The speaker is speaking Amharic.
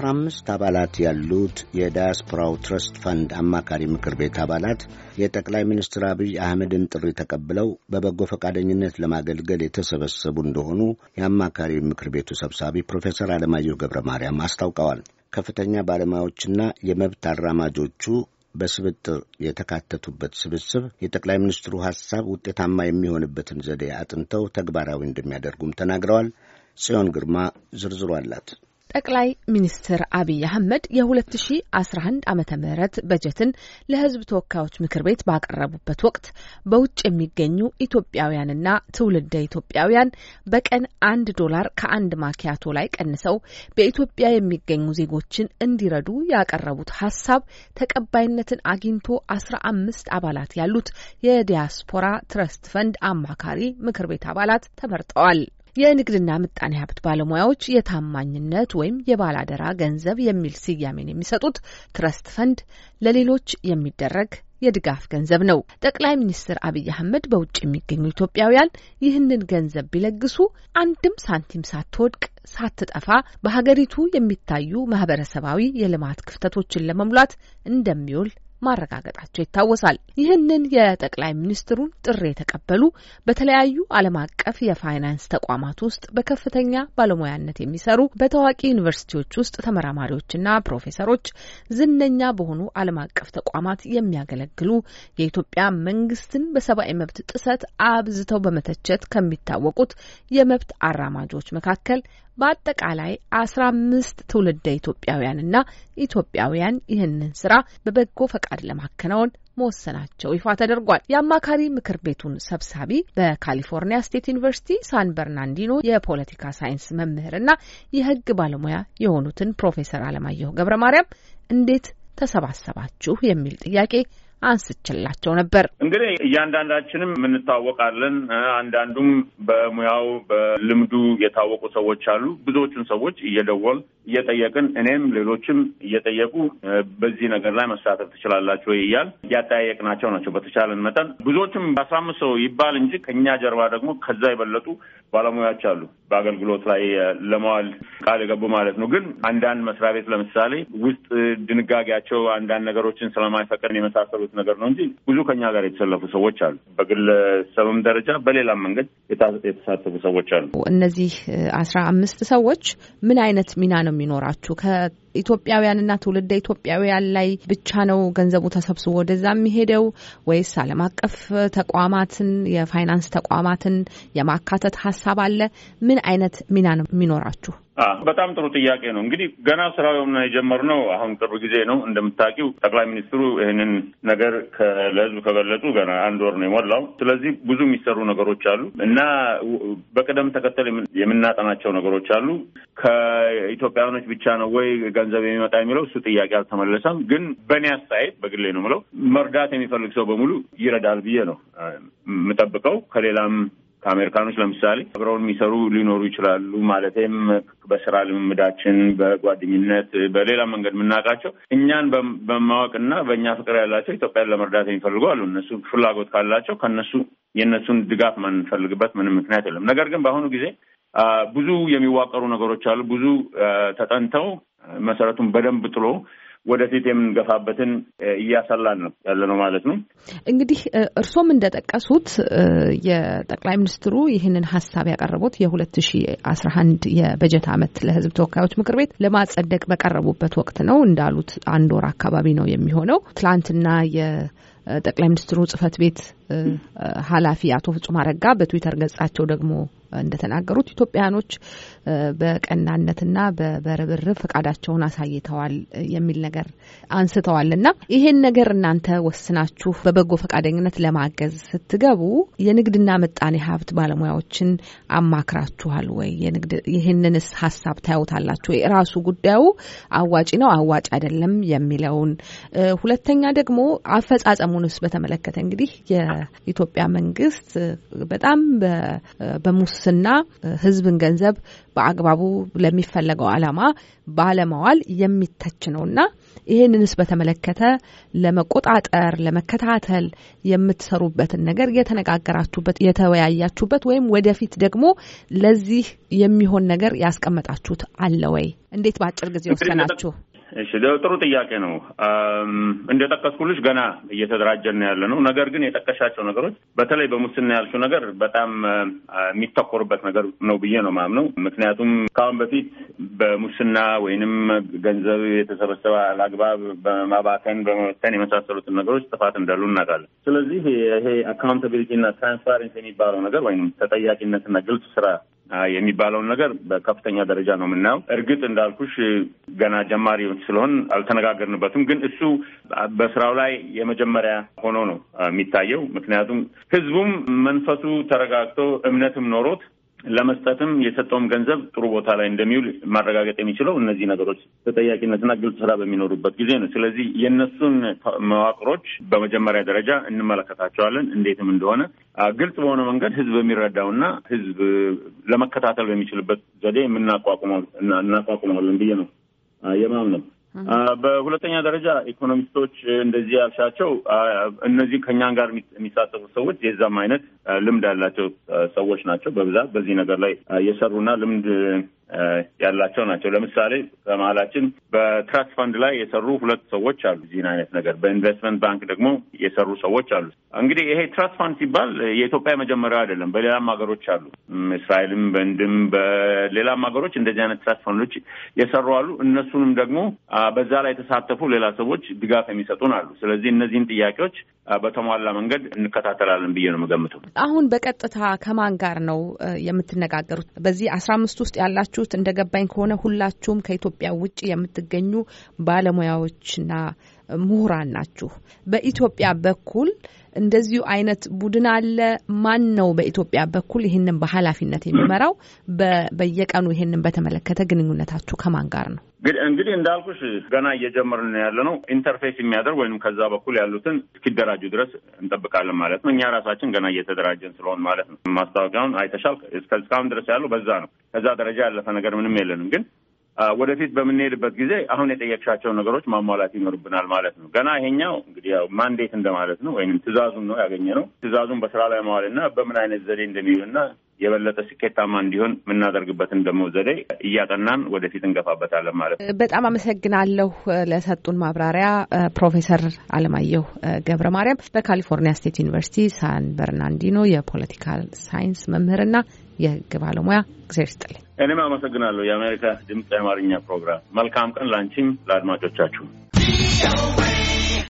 አስራ አምስት አባላት ያሉት የዳያስፖራው ትረስት ፈንድ አማካሪ ምክር ቤት አባላት የጠቅላይ ሚኒስትር አብይ አህመድን ጥሪ ተቀብለው በበጎ ፈቃደኝነት ለማገልገል የተሰበሰቡ እንደሆኑ የአማካሪ ምክር ቤቱ ሰብሳቢ ፕሮፌሰር አለማየሁ ገብረ ማርያም አስታውቀዋል። ከፍተኛ ባለሙያዎችና የመብት አራማጆቹ በስብጥር የተካተቱበት ስብስብ የጠቅላይ ሚኒስትሩ ሐሳብ ውጤታማ የሚሆንበትን ዘዴ አጥንተው ተግባራዊ እንደሚያደርጉም ተናግረዋል። ጽዮን ግርማ ዝርዝሩ አላት። ጠቅላይ ሚኒስትር አብይ አህመድ የ2011 ዓ ም በጀትን ለሕዝብ ተወካዮች ምክር ቤት ባቀረቡበት ወቅት በውጭ የሚገኙ ኢትዮጵያውያንና ትውልደ ኢትዮጵያውያን በቀን አንድ ዶላር ከአንድ ማኪያቶ ላይ ቀንሰው በኢትዮጵያ የሚገኙ ዜጎችን እንዲረዱ ያቀረቡት ሀሳብ ተቀባይነትን አግኝቶ አስራ አምስት አባላት ያሉት የዲያስፖራ ትረስት ፈንድ አማካሪ ምክር ቤት አባላት ተመርጠዋል። የንግድና ምጣኔ ሀብት ባለሙያዎች የታማኝነት ወይም የባላደራ ገንዘብ የሚል ስያሜን የሚሰጡት ትረስት ፈንድ ለሌሎች የሚደረግ የድጋፍ ገንዘብ ነው። ጠቅላይ ሚኒስትር አብይ አህመድ በውጭ የሚገኙ ኢትዮጵያውያን ይህንን ገንዘብ ቢለግሱ አንድም ሳንቲም ሳትወድቅ ሳትጠፋ በሀገሪቱ የሚታዩ ማህበረሰባዊ የልማት ክፍተቶችን ለመሙላት እንደሚውል ማረጋገጣቸው ይታወሳል። ይህንን የጠቅላይ ሚኒስትሩን ጥሪ የተቀበሉ በተለያዩ ዓለም አቀፍ የፋይናንስ ተቋማት ውስጥ በከፍተኛ ባለሙያነት የሚሰሩ በታዋቂ ዩኒቨርሲቲዎች ውስጥ ተመራማሪዎችና ፕሮፌሰሮች፣ ዝነኛ በሆኑ ዓለም አቀፍ ተቋማት የሚያገለግሉ የኢትዮጵያ መንግስትን በሰብአዊ መብት ጥሰት አብዝተው በመተቸት ከሚታወቁት የመብት አራማጆች መካከል በአጠቃላይ አስራ አምስት ትውልደ ኢትዮጵያውያንና ኢትዮጵያውያን ይህንን ስራ በበጎ ፈቃድ ለማከናወን መወሰናቸው ይፋ ተደርጓል። የአማካሪ ምክር ቤቱን ሰብሳቢ በካሊፎርኒያ ስቴት ዩኒቨርሲቲ ሳን በርናንዲኖ የፖለቲካ ሳይንስ መምህርና የሕግ ባለሙያ የሆኑትን ፕሮፌሰር አለማየሁ ገብረ ማርያም እንዴት ተሰባሰባችሁ የሚል ጥያቄ አንስችላቸው ነበር። እንግዲህ እያንዳንዳችንም እንታወቃለን። አንዳንዱም በሙያው በልምዱ የታወቁ ሰዎች አሉ። ብዙዎቹን ሰዎች እየደወል እየጠየቅን እኔም ሌሎችም እየጠየቁ በዚህ ነገር ላይ መሳተፍ ትችላላችሁ እያል እያጠያየቅናቸው ናቸው። በተቻለን መጠን ብዙዎችም በአስራ አምስት ሰው ይባል እንጂ ከኛ ጀርባ ደግሞ ከዛ የበለጡ ባለሙያዎች አሉ በአገልግሎት ላይ ለመዋል ቃል የገቡ ማለት ነው። ግን አንዳንድ መስሪያ ቤት ለምሳሌ ውስጥ ድንጋጌያቸው አንዳንድ ነገሮችን ስለማይፈቀድ የመሳሰሉ ያሉት ነገር ነው እንጂ ብዙ ከኛ ጋር የተሰለፉ ሰዎች አሉ። በግለሰብም ደረጃ በሌላም መንገድ የተሳተፉ ሰዎች አሉ። እነዚህ አስራ አምስት ሰዎች ምን አይነት ሚና ነው የሚኖራችሁ? ከኢትዮጵያውያንና ትውልደ ኢትዮጵያውያን ላይ ብቻ ነው ገንዘቡ ተሰብስቦ ወደዛ የሚሄደው ወይስ ዓለም አቀፍ ተቋማትን የፋይናንስ ተቋማትን የማካተት ሀሳብ አለ? ምን አይነት ሚና ነው የሚኖራችሁ? በጣም ጥሩ ጥያቄ ነው። እንግዲህ ገና ስራው የጀመርነው አሁን ቅርብ ጊዜ ነው። እንደምታውቂው ጠቅላይ ሚኒስትሩ ይህንን ነገር ለህዝብ ከገለጹ ገና አንድ ወር ነው የሞላው። ስለዚህ ብዙ የሚሰሩ ነገሮች አሉ እና በቅደም ተከተል የምናጠናቸው ነገሮች አሉ። ከኢትዮጵያውያኖች ብቻ ነው ወይ ገንዘብ የሚመጣ የሚለው እሱ ጥያቄ አልተመለሰም። ግን በእኔ አስተያየት በግሌ ነው የምለው መርዳት የሚፈልግ ሰው በሙሉ ይረዳል ብዬ ነው የምጠብቀው ከሌላም ከአሜሪካኖች ለምሳሌ አብረውን የሚሰሩ ሊኖሩ ይችላሉ። ማለትም በስራ ልምምዳችን፣ በጓደኝነት፣ በሌላ መንገድ የምናውቃቸው እኛን በማወቅና በእኛ ፍቅር ያላቸው ኢትዮጵያን ለመርዳት የሚፈልጉ አሉ። እነሱ ፍላጎት ካላቸው ከነሱ የእነሱን ድጋፍ ማንፈልግበት ምንም ምክንያት የለም። ነገር ግን በአሁኑ ጊዜ ብዙ የሚዋቀሩ ነገሮች አሉ። ብዙ ተጠንተው መሰረቱን በደንብ ጥሎ ወደፊት የምንገፋበትን እያሰላን ነው ያለ ነው ማለት ነው። እንግዲህ እርሶም እንደጠቀሱት የጠቅላይ ሚኒስትሩ ይህንን ሀሳብ ያቀረቡት የሁለት ሺ አስራ አንድ የበጀት ዓመት ለህዝብ ተወካዮች ምክር ቤት ለማጸደቅ በቀረቡበት ወቅት ነው እንዳሉት አንድ ወር አካባቢ ነው የሚሆነው ትላንትና የጠቅላይ ሚኒስትሩ ጽህፈት ቤት ኃላፊ አቶ ፍጹም አረጋ በትዊተር ገጻቸው ደግሞ እንደተናገሩት ኢትዮጵያኖች በቀናነትና በርብርብ ፈቃዳቸውን አሳይተዋል የሚል ነገር አንስተዋል እና ይሄን ነገር እናንተ ወስናችሁ በበጎ ፈቃደኝነት ለማገዝ ስትገቡ የንግድና ምጣኔ ሀብት ባለሙያዎችን አማክራችኋል ወይ? ይህንንስ ሀሳብ ታዩታላችሁ? የራሱ ጉዳዩ አዋጭ ነው አዋጭ አይደለም የሚለውን ሁለተኛ ደግሞ አፈጻጸሙንስ በተመለከተ እንግዲህ የኢትዮጵያ መንግስት በጣም በሙስና ህዝብን ገንዘብ በአግባቡ ለሚፈለገው አላማ ባለመዋል የሚተች ነው እና ይህንንስ በተመለከተ ለመቆጣጠር ለመከታተል የምትሰሩበትን ነገር የተነጋገራችሁበት የተወያያችሁበት ወይም ወደፊት ደግሞ ለዚህ የሚሆን ነገር ያስቀመጣችሁት አለ ወይ? እንዴት በአጭር ጊዜ ወሰናችሁ? እሺ ጥሩ ጥያቄ ነው። እንደጠቀስኩልሽ ገና እየተደራጀን ነው ያለ ነው። ነገር ግን የጠቀሻቸው ነገሮች በተለይ በሙስና ያልሽው ነገር በጣም የሚተኮርበት ነገር ነው ብዬ ነው ማምነው። ምክንያቱም ከአሁን በፊት በሙስና ወይንም ገንዘብ የተሰበሰበ አላግባብ በማባከን በመበተን የመሳሰሉትን ነገሮች ጥፋት እንዳሉ እናውቃለን። ስለዚህ ይሄ አካውንታቢሊቲ እና ትራንስፓረንሲ የሚባለው ነገር ወይም ተጠያቂነትና ግልጽ ስራ የሚባለውን ነገር በከፍተኛ ደረጃ ነው የምናየው። እርግጥ እንዳልኩሽ ገና ጀማሪ ስለሆን አልተነጋገርንበትም፣ ግን እሱ በስራው ላይ የመጀመሪያ ሆኖ ነው የሚታየው። ምክንያቱም ህዝቡም መንፈሱ ተረጋግቶ እምነትም ኖሮት ለመስጠትም የሰጠውም ገንዘብ ጥሩ ቦታ ላይ እንደሚውል ማረጋገጥ የሚችለው እነዚህ ነገሮች ተጠያቂነትና ግልጽ ስራ በሚኖሩበት ጊዜ ነው። ስለዚህ የእነሱን መዋቅሮች በመጀመሪያ ደረጃ እንመለከታቸዋለን። እንዴትም እንደሆነ ግልጽ በሆነ መንገድ ህዝብ የሚረዳውና ህዝብ ለመከታተል በሚችልበት ዘዴ እናቋቁመዋለን ብዬ ነው የማምነው። በሁለተኛ ደረጃ ኢኮኖሚስቶች እንደዚህ ያልሻቸው እነዚህ ከእኛን ጋር የሚሳተፉ ሰዎች የዛም አይነት ልምድ ያላቸው ሰዎች ናቸው። በብዛት በዚህ ነገር ላይ የሰሩና ልምድ ያላቸው ናቸው። ለምሳሌ በመሀላችን በትራስት ፈንድ ላይ የሰሩ ሁለት ሰዎች አሉ። እዚህን አይነት ነገር በኢንቨስትመንት ባንክ ደግሞ የሰሩ ሰዎች አሉ። እንግዲህ ይሄ ትራስት ፈንድ ሲባል የኢትዮጵያ የመጀመሪያው አይደለም። በሌላም ሀገሮች አሉ። እስራኤልም፣ በህንድም፣ በሌላም ሀገሮች እንደዚህ አይነት ትራስት ፈንዶች የሰሩ አሉ። እነሱንም ደግሞ በዛ ላይ የተሳተፉ ሌላ ሰዎች ድጋፍ የሚሰጡን አሉ። ስለዚህ እነዚህን ጥያቄዎች በተሟላ መንገድ እንከታተላለን ብዬ ነው የምገምተው። አሁን በቀጥታ ከማን ጋር ነው የምትነጋገሩት? በዚህ አስራ አምስት ውስጥ ያላችሁት እንደ ገባኝ ከሆነ ሁላችሁም ከኢትዮጵያ ውጭ የምትገኙ ባለሙያዎችና ምሁራን ናችሁ። በኢትዮጵያ በኩል እንደዚሁ አይነት ቡድን አለ? ማን ነው በኢትዮጵያ በኩል ይህንን በኃላፊነት የሚመራው? በየቀኑ ይህንን በተመለከተ ግንኙነታችሁ ከማን ጋር ነው? እንግዲህ እንዳልኩሽ ገና እየጀመርን ያለ ነው። ኢንተርፌስ የሚያደርግ ወይም ከዛ በኩል ያሉትን እስኪደራጁ ድረስ እንጠብቃለን ማለት ነው። እኛ ራሳችን ገና እየተደራጀን ስለሆን ማለት ነው። ማስታወቂያውን አይተሻል። እስከ እስካሁን ድረስ ያለው በዛ ነው። ከዛ ደረጃ ያለፈ ነገር ምንም የለንም ግን ወደፊት በምንሄድበት ጊዜ አሁን የጠየቅሻቸው ነገሮች ማሟላት ይኖርብናል ማለት ነው። ገና ይሄኛው እንግዲህ ያው ማንዴት እንደማለት ነው ወይም ትእዛዙን ነው ያገኘ ነው። ትእዛዙን በስራ ላይ መዋልና በምን አይነት ዘዴ እንደሚውልና የበለጠ ስኬታማ እንዲሆን የምናደርግበትን ደግሞ ዘዴ እያጠናን ወደፊት እንገፋበታለን ማለት ነው። በጣም አመሰግናለሁ ለሰጡን ማብራሪያ ፕሮፌሰር አለማየሁ ገብረ ማርያም በካሊፎርኒያ ስቴት ዩኒቨርሲቲ ሳን በርናንዲኖ የፖለቲካል ሳይንስ መምህርና የህግ ባለሙያ። እግዜር ይስጥልኝ። እኔም አመሰግናለሁ። የአሜሪካ ድምፅ የአማርኛ ፕሮግራም መልካም ቀን ላንቺም ለአድማጮቻችሁ።